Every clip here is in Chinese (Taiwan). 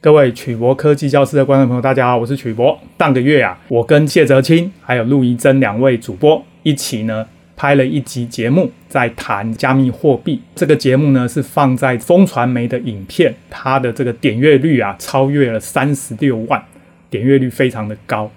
各位曲博科技教室的觀眾朋友，大家好，我是曲博。上個月啊，我跟謝哲青還有陸怡珍兩位主播一起呢，拍了一集節目，在談加密貨幣。這個節目呢，是放在風傳媒的影片，它的這個點閱率啊，超越了三十六萬，點閱率非常的高。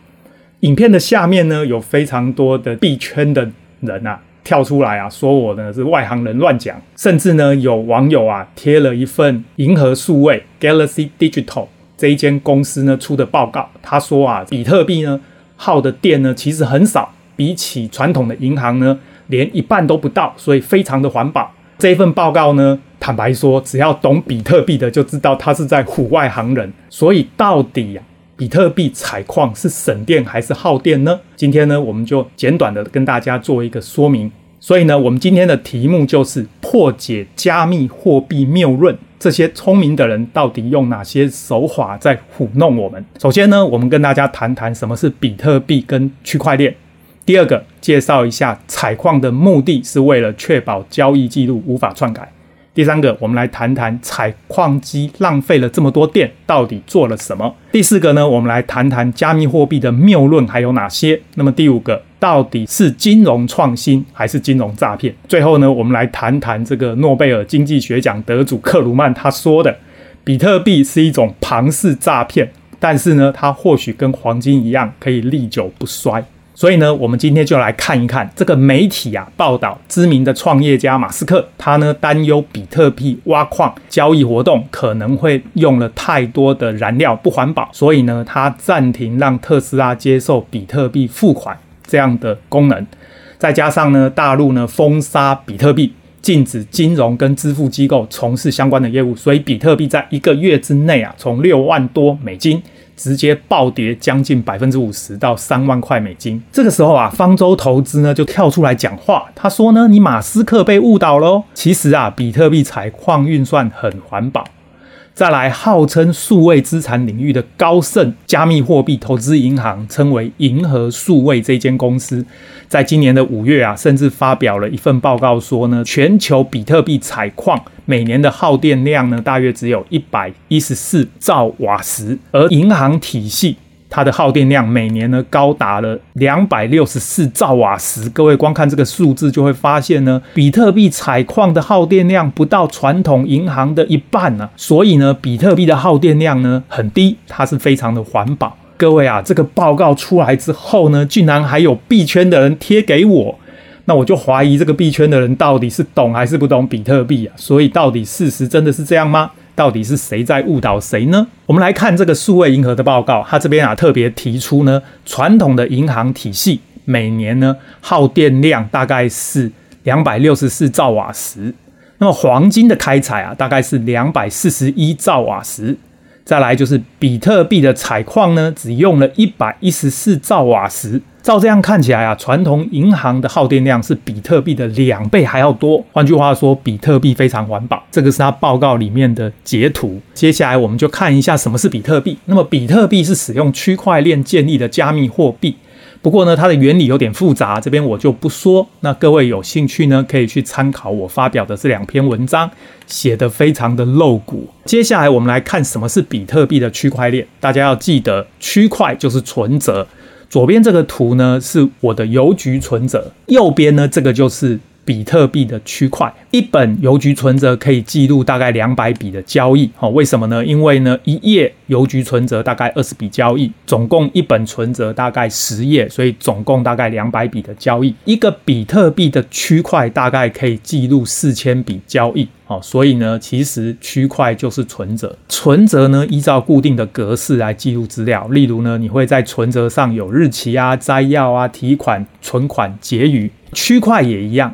影片的下面呢，有非常多的幣圈的人啊。跳出來啊，說我呢是外行人亂講，甚至呢有網友啊貼了一份銀河數位 Galaxy Digital 這一間公司呢出的報告，他說啊，比特幣呢耗的電呢其實很少，比起傳統的銀行呢連一半都不到，所以非常的環保。這一份報告呢，坦白說，只要懂比特幣的就知道他是在唬外行人。所以到底啊，比特幣采礦是省電還是耗電呢？今天呢，我們就簡短的跟大家做一個說明。所以呢，我們今天的題目就是破解加密貨幣謬論。這些聰明的人到底用哪些手法在唬弄我們？首先呢，我們跟大家談談什麼是比特幣跟區塊鏈。第二個，介紹一下採礦的目的是為了確保交易記錄無法篡改。第三個，我們來談談採礦機浪費了這麼多電，到底做了什麼？第四個呢，我們來談談加密貨幣的謬論還有哪些？那麼第五個，到底是金融創新還是金融詐騙？最後呢，我們來談談這個諾貝爾經濟學獎得主克魯曼他說的，比特幣是一種龐氏詐騙，但是呢，它或許跟黃金一樣，可以歷久不衰。所以呢，我們今天就來看一看這個媒體啊，報道，知名的創業家馬斯克，他呢擔憂比特幣挖礦交易活動可能會用了太多的燃料，不環保，所以呢，他暫停讓特斯拉接受比特幣付款這樣的功能。再加上呢，大陸呢封殺比特幣，禁止金融跟支付機構從事相關的業務，所以比特幣在一個月之內啊，從六萬多美金。直接暴跌將近百分之五十到三萬塊美金。這個時候啊，方舟投資呢就跳出來講話，他說呢：“你馬斯克被誤導嘍，其實啊，比特幣採礦運算很環保。”再來，號稱數位資產領域的高盛加密貨幣投資銀行，稱為銀河數位這間公司，在今年的五月啊，甚至發表了一份報告說呢，全球比特幣採礦每年的耗電量呢，大約只有一百一十四兆瓦時，而銀行體系。它的耗電量每年呢高達了兩百六十四兆瓦時，各位光看這個數字就會發現呢，比特幣採礦的耗電量不到傳統銀行的一半啊，所以呢，比特幣的耗電量呢很低，它是非常的環保。各位啊，這個報告出來之後呢，竟然還有幣圈的人貼給我，那我就懷疑這個幣圈的人到底是懂還是不懂比特幣啊？所以，到底事實真的是這樣嗎？到底是誰在誤導誰呢？我們來看這個數位銀河的報告，它這邊啊特別提出呢，傳統的銀行體系每年呢耗電量大概是兩百六十四兆瓦時，那麼黃金的開採啊大概是兩百四十一兆瓦時。再來就是比特幣的採礦呢，只用了一百一十四兆瓦時。照這樣看起來啊，傳統銀行的耗電量是比特幣的兩倍還要多。換句話說，比特幣非常環保。這個是它報告裡面的截圖。接下來我們就看一下什麼是比特幣。那麼，比特幣是使用區塊鏈建立的加密貨幣。不過呢，它的原理有點複雜，這邊我就不說。那各位有興趣呢，可以去參考我發表的這兩篇文章，寫得非常的露骨。接下來我們來看什麼是比特幣的區塊鏈。大家要記得，區塊就是存折。左邊這個圖呢，是我的郵局存折，右邊呢，這個就是。比特幣的區塊，一本郵局存折可以記錄大概兩百筆的交易，哦，為什麼呢？因為呢，一頁郵局存折大概二十筆交易，總共一本存折大概十頁，所以總共大概兩百筆的交易。一個比特幣的區塊大概可以記錄四千筆交易，哦，所以呢，其實區塊就是存折，存折呢依照固定的格式來記錄資料，例如呢，你會在存折上有日期啊、摘要啊、提款、存款、結餘，區塊也一樣。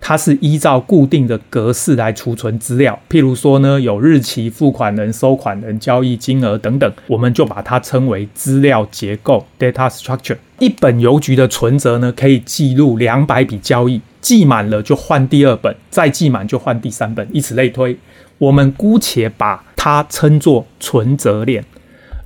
它是依照固定的格式來儲存資料，譬如說呢，有日期、付款人、收款人、交易金額等等，我們就把它稱為資料結構 （data structure）。一本郵局的存折呢，可以記錄兩百筆交易，記滿了就換第二本，再記滿就換第三本，以此類推。我們姑且把它稱作存折鏈。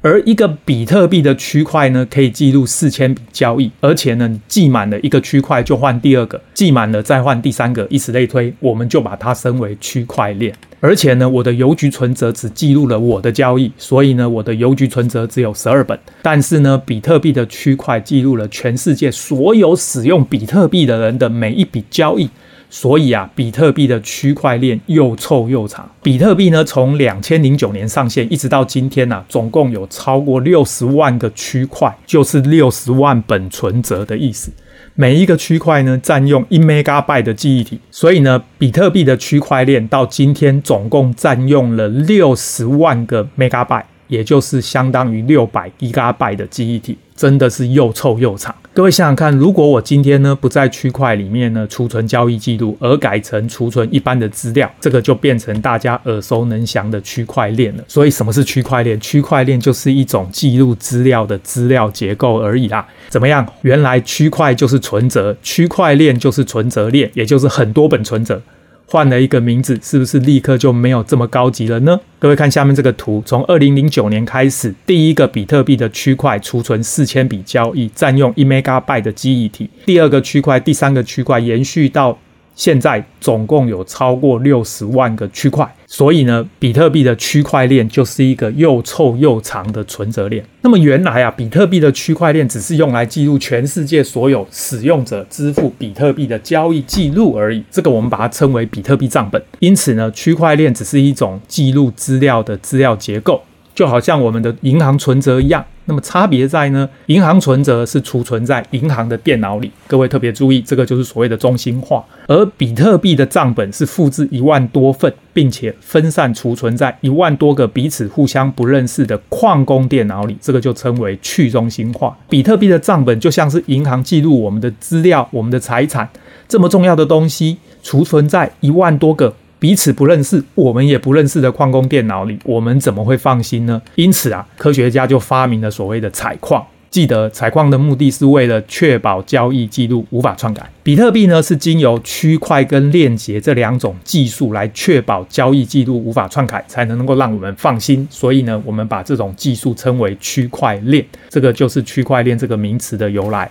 而一個比特幣的區塊呢，可以記錄四千筆交易，而且呢，你記滿了一個區塊就換第二個，記滿了再換第三個，以此類推，我們就把它稱為區塊鏈。而且呢，我的郵局存折只記錄了我的交易，所以呢，我的郵局存折只有十二本。但是呢，比特幣的區塊記錄了全世界所有使用比特幣的人的每一筆交易。所以啊，比特幣的區塊鏈又臭又長。比特幣呢，從兩千零九年上線一直到今天啊，總共有超過六十萬個區塊，就是六十萬本存折的意思。每一個區塊呢，佔用一 mega byte 的記憶體。所以呢，比特幣的區塊鏈到今天總共佔用了六十萬個 mega byte，也就是相當於六百 giga byte 的記憶體。真的是又臭又長。各位想想看，如果我今天呢，不在區塊裡面呢，儲存交易記錄，而改成儲存一般的資料，這個就變成大家耳熟能詳的區塊鏈了。所以什麼是區塊鏈？區塊鏈就是一種記錄資料的資料結構而已啦。怎麼樣？原來區塊就是存折，區塊鏈就是存折鏈，也就是很多本存折。換了一個名字，是不是立刻就沒有這麼高級了呢？各位看下面這個圖，從二零零九年開始，第一個比特幣的區塊儲存四千筆交易，佔用一 Megabyte 的記憶體。第二個區塊、第三個區塊延續到。現在總共有超過六十萬個區塊，所以呢，比特幣的區塊鏈就是一個又臭又長的存折鏈。那麼原來啊，比特幣的區塊鏈只是用來記錄全世界所有使用者支付比特幣的交易記錄而已，這個我們把它稱為比特幣賬本。因此呢，區塊鏈只是一種記錄資料的資料結構，就好像我們的銀行存折一樣。那麼差別在呢？銀行存折是儲存在銀行的電腦裡，各位特別注意，這個就是所謂的中心化；而比特幣的賬本是複制一萬多份，並且分散儲存在一萬多個彼此互相不認識的礦工電腦裡，這個就稱為去中心化。比特幣的賬本就像是銀行記錄我們的資料、我們的財產這麼重要的東西，儲存在一萬多個。彼此不認識，我們也不認識的礦工電腦裡，我們怎麼會放心呢？因此啊，科學家就發明了所謂的採礦。記得採礦的目的是為了確保交易記錄無法篡改。比特幣呢，是經由區塊跟鏈結這兩種技術來確保交易記錄無法篡改，才能夠讓我們放心。所以呢，我們把這種技術稱為區塊鏈，這個就是區塊鏈這個名詞的由來。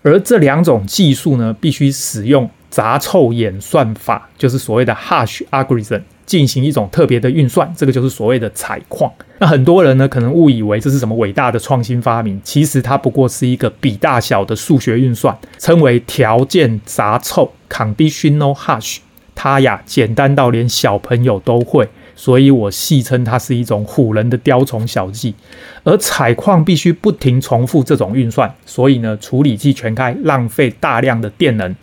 而這兩種技術呢，必須使用，雜湊演算法就是所謂的 hash algorithm，進行一種特別的運算，這個就是所謂的採礦。那很多人呢，可能誤以為這是什麼偉大的創新發明，其實它不過是一個比大小的數學運算，稱為條件雜湊 （conditional hash）。它呀，簡單到連小朋友都會，所以我戲稱它是一種唬人的雕蟲小技。而採礦必須不停重複這種運算，所以呢，處理器全開，浪費大量的電能。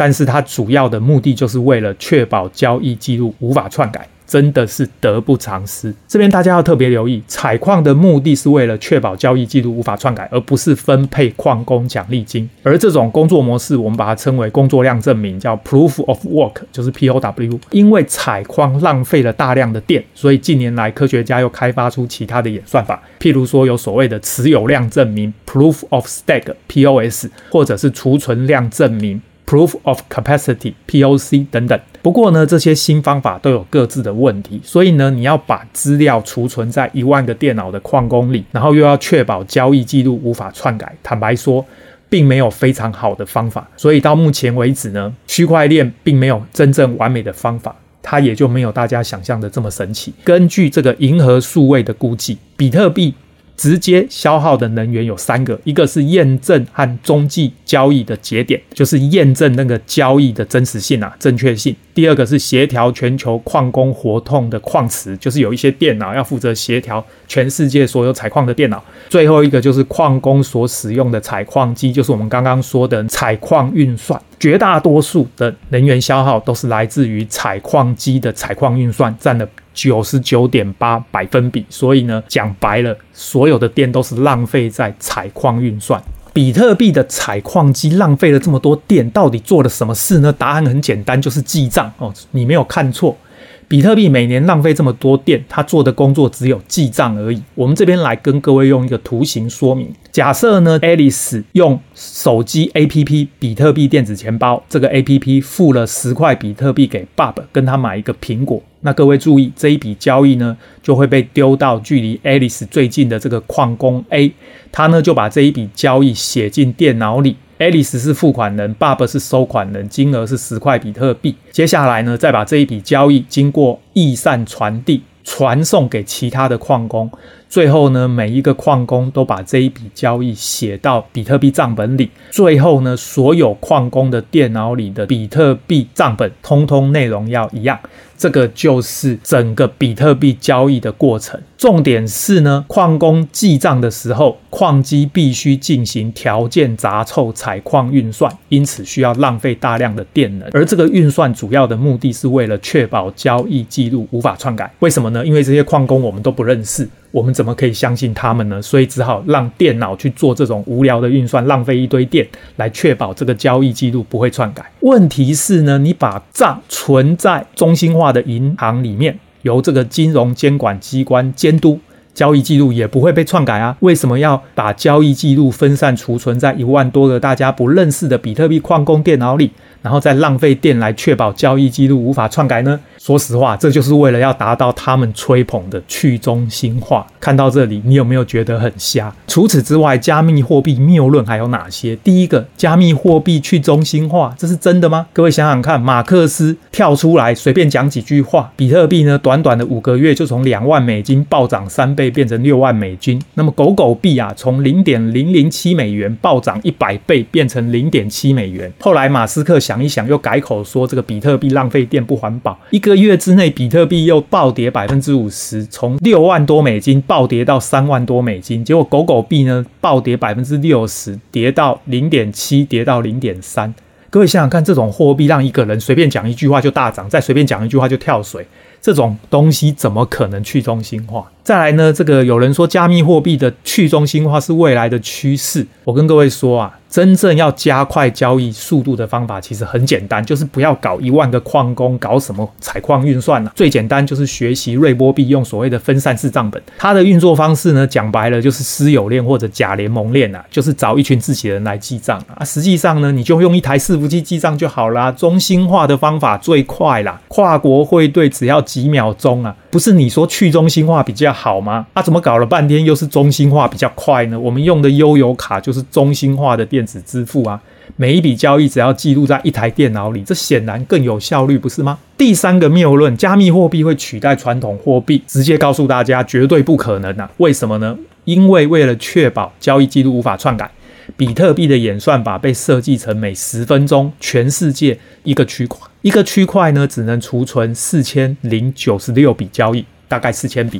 但是它主要的目的就是為了確保交易記錄無法篡改，真的是得不償失。這邊大家要特別留意，採礦的目的是為了確保交易記錄無法篡改，而不是分配礦工獎勵金。而這種工作模式，我們把它稱為工作量證明，叫 Proof of Work，就是 POW。因為採礦浪費了大量的電，所以近年來科學家又開發出其他的演算法，譬如說有所謂的持有量證明 （Proof of Stake，POS） 或者是儲存量證明。Proof of Capacity (POC) 等等。不過呢，這些新方法都有各自的問題，所以呢，你要把資料儲存在一萬個電腦的礦工裡，然後又要確保交易記錄無法篡改。坦白說，並沒有非常好的方法。所以到目前為止呢，區塊鏈並沒有真正完美的方法，它也就沒有大家想象的這麼神奇。根據這個銀河數位的估計，比特幣。直接消耗的能源有三個，一個是驗證和中繼交易的節點，就是驗證那個交易的真實性啊，正確性；第二個是協調全球礦工活動的礦池，就是有一些電腦要負責協調全世界所有採礦的電腦；最後一個就是礦工所使用的採礦機，就是我們剛剛說的採礦運算。絕大多數的能源消耗都是來自於採礦機的採礦運算，佔了。九十九點八百分比，所以呢，講白了，所有的電都是浪費在採礦運算。比特幣的採礦機浪費了這麼多電，到底做了什麼事呢？答案很簡單，就是記賬哦。你沒有看錯，比特幣每年浪費這麼多電，它做的工作只有記賬而已。我們這邊來跟各位用一個圖形說明。假設呢，Alice 用手機 APP 比特幣電子錢包這個 APP 付了十塊比特幣給 Bob，跟他買一個蘋果。那各位注意，這一筆交易呢，就會被丟到距離 Alice 最近的這個礦工 A。他呢就把這一筆交易寫進電腦裡。Alice 是付款人，Bob 是收款人，金額是十塊比特幣。接下來呢，再把這一筆交易經過驛站傳遞，傳送給其他的礦工，最後呢，每一個礦工都把這一筆交易寫到比特幣賬本裡，最後呢，所有礦工的電腦裡的比特幣賬本通通內容要一樣。這個就是整個比特幣交易的過程。重點是呢，礦工記賬的時候，礦機必須進行條件雜湊採礦運算，因此需要浪費大量的電能。而這個運算主要的目的是為了確保交易記錄無法篡改。為什麼呢？因為這些礦工我們都不認識。我們怎麼可以相信他們呢？所以只好讓電腦去做這種無聊的運算，浪費一堆電來確保這個交易記錄不會篡改。問題是呢，你把賬存在中心化的銀行裡面，由這個金融監管機關監督，交易記錄也不會被篡改啊。為什麼要把交易記錄分散儲存在一萬多個大家不認識的比特幣礦工電腦裡，然後再浪費電來確保交易記錄無法篡改呢？說實話，這就是為了要達到他們吹捧的去中心化。看到這裡，你有沒有覺得很瞎？除此之外，加密貨幣謬論還有哪些？第一個，加密貨幣去中心化，這是真的嗎？各位想想看，馬斯克跳出來隨便講幾句話，比特幣呢，短短的五個月就從兩萬美金暴漲三倍變成六萬美金。那麼狗狗幣啊，從零點零零七美元暴漲一百倍變成零點七美元。後來馬斯克想一想，又改口說這個比特幣浪費電不環保，一個。一個月之內，比特幣又暴跌百分之五十，從六萬多美金暴跌到三萬多美金。結果狗狗幣呢，暴跌百分之六十，跌到零點七，跌到零點三。各位想想看，這種貨幣讓一個人隨便講一句話就大漲，再隨便講一句話就跳水，這種東西怎麼可能去中心化？再來呢，這個有人說加密貨幣的去中心化是未來的趨勢。我跟各位說啊，真正要加快交易速度的方法其實很簡單，就是不要搞一萬個礦工搞什麼採礦運算啊。最簡單就是學習瑞波幣，用所謂的分散式賬本。它的運作方式呢，講白了就是私有鏈或者假聯盟鏈啊，就是找一群自己人來記賬啊。實際上呢，你就用一台伺服器記賬就好啦啊。中心化的方法最快啦，跨國匯兌只要幾秒鐘啊，不是你說去中心化比較好。好嗎？啊怎麼搞了半天又是中心化比較快呢？我們用的悠遊卡就是中心化的電子支付啊，每一筆交易只要記錄在一台電腦裡，這顯然更有效率，不是嗎？第三個謬論：加密貨幣會取代傳統貨幣。直接告訴大家，絕對不可能啊！為什麼呢？因為為了確保交易記錄無法篡改，比特幣的演算法被設計成每十分鐘全世界一個區塊，一個區塊呢只能儲存四千零九十六筆交易，大概四千筆。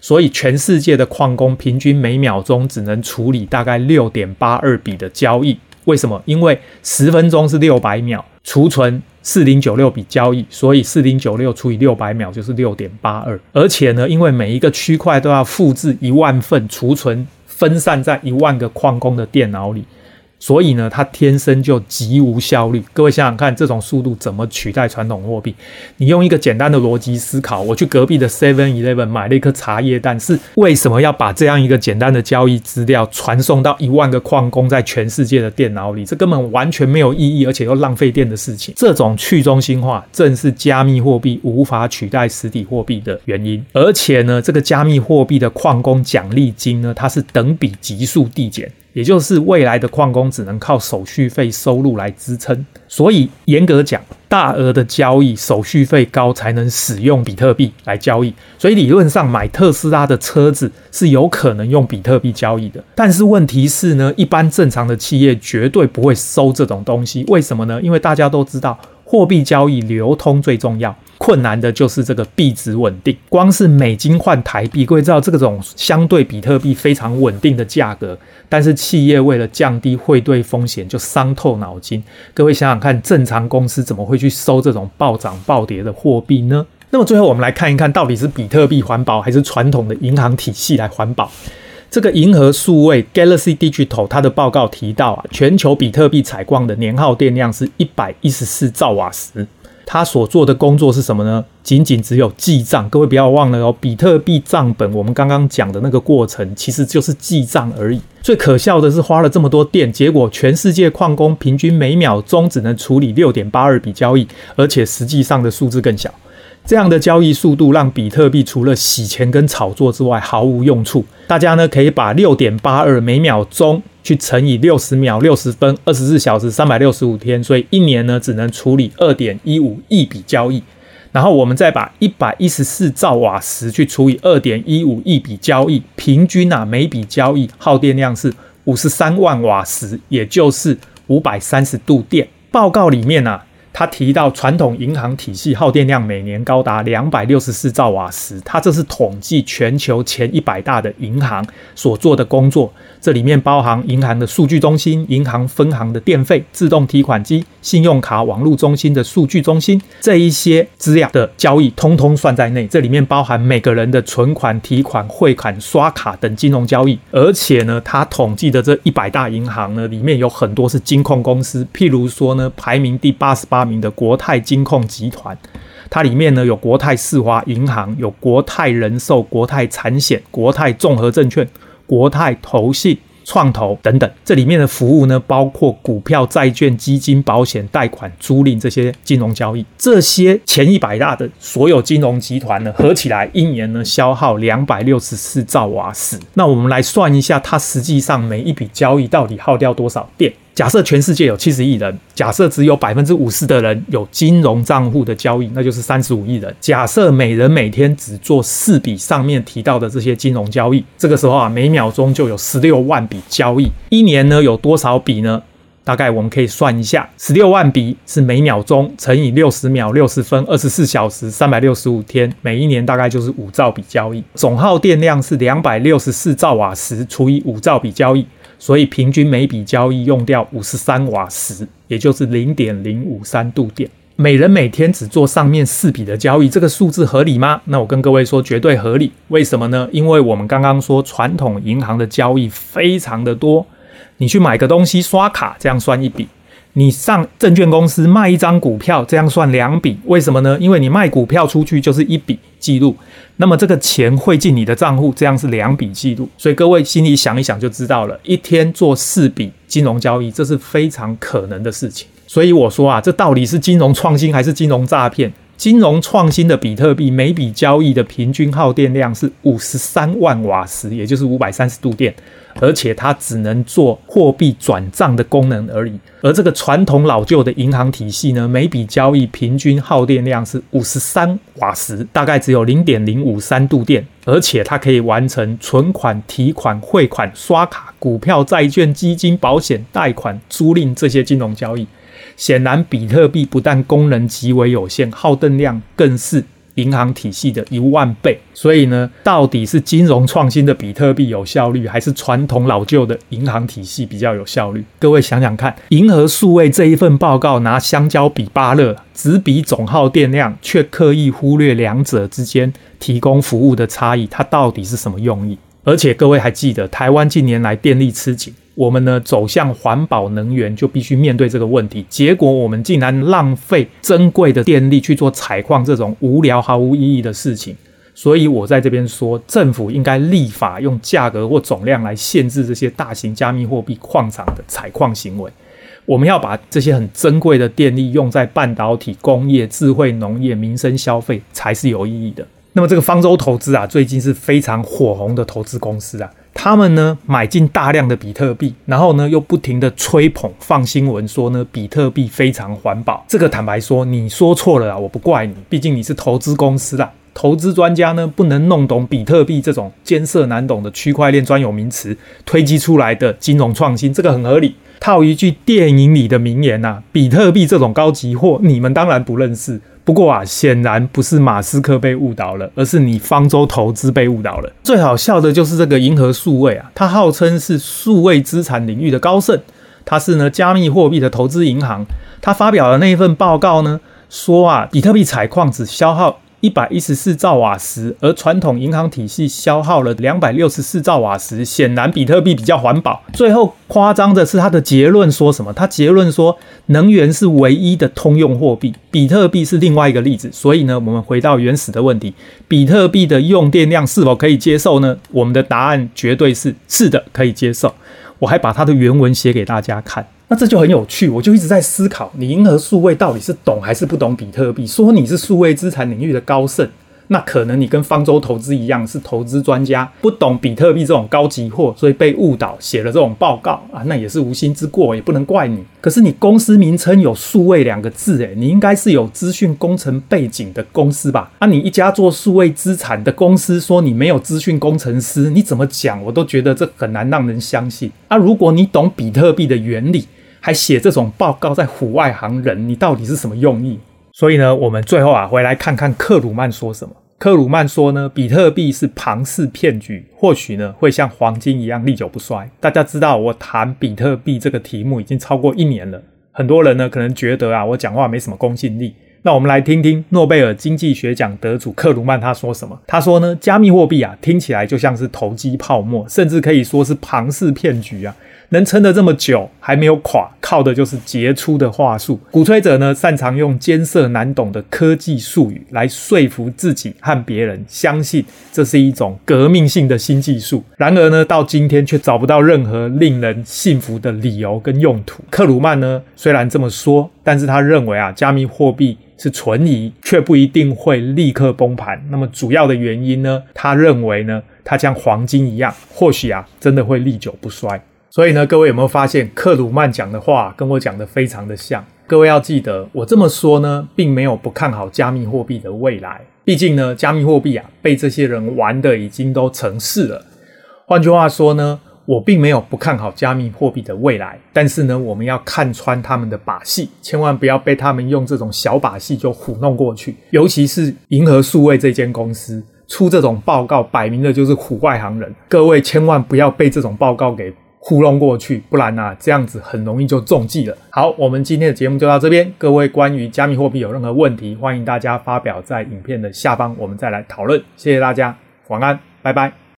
所以，全世界的礦工平均每秒鐘只能處理大概六點八二筆的交易。為什麼？因為十分鐘是六百秒，儲存四零九六筆交易，所以四零九六除以六百秒就是六點八二。而且呢，因為每一個區塊都要複製一萬份，儲存分散在一萬個礦工的電腦裡。所以呢，它天生就極無效率。各位想想看，這種速度怎麼取代傳統貨幣？你用一個簡單的邏輯思考，我去隔壁的 Seven Eleven 買了一顆茶葉蛋，是為什麼要把這樣一個簡單的交易資料傳送到一萬個礦工在全世界的電腦裡？這根本完全沒有意義，而且又浪費電的事情。這種去中心化正是加密貨幣無法取代實體貨幣的原因。而且呢，這個加密貨幣的礦工獎勵金呢，它是等比級數遞減。也就是未來的礦工只能靠手續費收入來支撐，所以嚴格講，大額的交易手續費高才能使用比特幣來交易。所以理論上買特斯拉的車子是有可能用比特幣交易的，但是問題是呢，一般正常的企業絕對不會收這種東西。為什麼呢？因為大家都知道，貨幣交易流通最重要。困難的就是這個幣值穩定，光是美金換台幣，各位知道這種相對比特幣非常穩定的價格，但是企業為了降低匯兌風險，就傷透腦筋。各位想想看，正常公司怎麼會去收這種暴漲暴跌的貨幣呢？那麼最後我們來看一看到底是比特幣環保，還是傳統的銀行體系來環保？這個銀河數位 Galaxy Digital 它的報告提到，啊，全球比特幣採礦的年耗電量是一百一十四兆瓦時。他所做的工作是什麼呢？僅僅只有記賬。各位不要忘了哦，比特幣賬本我們剛剛講的那個過程，其實就是記賬而已。最可笑的是，花了這麼多電，結果全世界礦工平均每秒鐘只能處理六點八二筆交易，而且實際上的數字更小。這樣的交易速度讓比特幣除了洗錢跟炒作之外毫無用處。大家呢可以把六點八二每秒鐘去乘以六十秒、六十分、二十四小時、三百六十五天，所以一年呢只能處理二點一五億筆交易。然後我們再把一百一十四兆瓦時去除以二點一五億筆交易，平均啊每筆交易耗電量是五十三萬瓦時，也就是五百三十度電。報告裡面呢、啊。他提到，傳統銀行體系耗電量每年高達兩百六十四兆瓦時。他這是統計全球前一百大的銀行所做的工作，這裡面包含銀行的數據中心、銀行分行的電費、自動提款機、信用卡、網絡中心的數據中心這一些資料的交易，通通算在內。這裡面包含每個人的存款、提款、匯款、刷卡等金融交易。而且呢，他統計的這一百大銀行呢，裡面有很多是金控公司，譬如說呢，排名第八十八。發明的國泰金控集團，它裡面呢有國泰世華銀行、有國泰人壽、國泰產險、國泰綜合證券、國泰投信、創投等等。這裡面的服務呢，包括股票、債券、基金、保險、貸款、租賃這些金融交易。這些前一百大的所有金融集團呢，合起來一年呢消耗兩百六十四兆瓦時。那我們來算一下，它實際上每一筆交易到底耗掉多少電？假設全世界有七十億人，假設只有百分之五十的人有金融賬戶的交易，那就是三十五億人。假設每人每天只做四筆上面提到的這些金融交易，這個時候啊，每秒鐘就有十六萬筆交易，一年呢有多少筆呢？大概我們可以算一下，十六萬筆是每秒鐘乘以六十秒，六十分，二十四小時，三百六十五天，每一年大概就是五兆筆交易，總耗電量是兩百六十四兆瓦時除以五兆筆交易。所以平均每筆交易用掉五十三瓦時，也就是零點零五三度電。每人每天只做上面四筆的交易，這個數字合理嗎？那我跟各位說，絕對合理。為什麼呢？因為我們剛剛說傳統銀行的交易非常的多，你去買個東西刷卡，這樣算一筆。你上證券公司賣一張股票，這樣算兩筆，為什麼呢？因為你賣股票出去就是一筆記錄，那麼這個錢匯進你的賬戶，這樣是兩筆記錄。所以各位心裡想一想就知道了，一天做四筆金融交易，這是非常可能的事情。所以我說啊，這到底是金融創新還是金融詐騙？金融創新的比特幣每筆交易的平均耗電量是五十三萬瓦時，也就是五百三十度電，而且它只能做貨幣轉賬的功能而已。而這個傳統老舊的銀行體系呢，每筆交易平均耗電量是五十三瓦時，大概只有零點零五三度電，而且它可以完成存款、提款、匯款、刷卡、股票、債券、基金、保險、貸款、租賃這些金融交易。顯然，比特幣不但功能極為有限，耗電量更是銀行體系的一萬倍。所以呢，到底是金融創新的比特幣有效率，還是傳統老舊的銀行體系比較有效率？各位想想看，銀河數位這一份報告拿香蕉比芭樂，只比總耗電量，卻刻意忽略兩者之間提供服務的差異，它到底是什麼用意？而且，各位還記得，台灣近年來電力吃緊。我們呢，走向環保能源，就必須面對這個問題，結果我們竟然浪費珍貴的電力去做採礦這種無聊、毫無意義的事情。所以，我在這邊說，政府應該立法用價格或總量來限制這些大型加密貨幣礦場的採礦行為。我們要把這些很珍貴的電力用在半導體工業、智慧農業、民生消費才是有意義的。那麼，這個方舟投資啊，最近是非常火紅的投資公司啊。他們呢買進大量的比特幣，然後呢又不停地吹捧，放新聞說呢比特幣非常環保。這個坦白說，你說錯了啊，我不怪你，畢竟你是投資公司啦，投資專家呢不能弄懂比特幣這種艱澀難懂的區塊鏈專有名詞堆砌出來的金融創新，這個很合理。套一句電影裡的名言吶啊，比特幣這種高級貨，你們當然不認識。不過啊，顯然不是馬斯克被誤導了，而是你方舟投資被誤導了。最好笑的就是這個銀河數位啊，它號稱是數位資產領域的高盛，它是呢加密貨幣的投資銀行。它發表的那一份報告呢，說啊，比特幣採礦只消耗一百一十四兆瓦時，而傳統銀行體系消耗了兩百六十四兆瓦時，顯然比特幣比較環保。最後誇張的是，他的結論說什麼？他結論說，能源是唯一的通用貨幣，比特幣是另外一個例子。所以呢，我們回到原始的問題，比特幣的用電量是否可以接受呢？我們的答案絕對是是的，可以接受。我還把他的原文寫給大家看。那這就很有趣，我就一直在思考，你銀河數位到底是懂還是不懂比特幣？說你是數位資產領域的高盛，那可能你跟方舟投資一樣是投資專家，不懂比特幣這種高級貨，所以被誤導寫了這種報告啊，那也是無心之過，也不能怪你。可是你公司名稱有數位兩個字，哎，你應該是有資訊工程背景的公司吧？那，啊，你一家做數位資產的公司，說你沒有資訊工程師，你怎麼講？我都覺得這很難讓人相信。啊，如果你懂比特幣的原理，還寫這種報告在唬外行人，你到底是什麼用意？所以呢，我們最後啊，回來看看克魯曼說什麼。克魯曼說呢，比特幣是龐氏騙局，或許呢會像黃金一樣歷久不衰。大家知道，我談比特幣這個題目已經超過一年了，很多人呢可能覺得啊，我講話沒什麼公信力。那我們來聽聽諾貝爾經濟學獎得主克魯曼他說什麼。他說呢，加密貨幣啊，聽起來就像是投機泡沫，甚至可以說是龐氏騙局啊。能撐得這麼久還沒有垮，靠的就是傑出的話術。鼓吹者呢，擅長用艱澀難懂的科技術語來說服自己和別人相信這是一種革命性的新技術。然而呢，到今天卻找不到任何令人信服的理由跟用途。克魯曼呢，雖然這麼說，但是他認為啊，加密貨幣是存疑，卻不一定會立刻崩盤。那麼主要的原因呢，他認為呢，它像黃金一樣，或許啊，真的會歷久不衰。所以呢，各位有沒有發現克魯曼講的話跟我講的非常的像？各位要記得，我這麼說呢，並沒有不看好加密貨幣的未來。畢竟呢，加密貨幣啊，被這些人玩的已經都成事了。換句話說呢，我並沒有不看好加密貨幣的未來。但是呢，我們要看穿他們的把戲，千萬不要被他們用這種小把戲就唬弄過去。尤其是銀河數位這間公司出這種報告，擺明了就是唬外行人。各位千萬不要被這種報告給。糊弄過去，不然呢，這樣子很容易就中計了。好，我們今天的節目就到這邊。各位關於加密貨幣有任何問題，歡迎大家發表在影片的下方，我們再來討論。謝謝大家，晚安，拜拜。